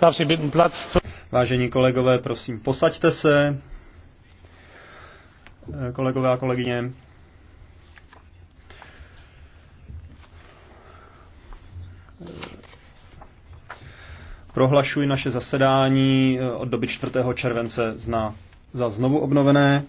Darf Sie bitten, Platz zu... Vážení kolegové, prosím, posaďte se. Eh, kolegové a kolegyně. Eh, prohlašuji naše zasedání eh, od doby 4. července za znovu obnovené.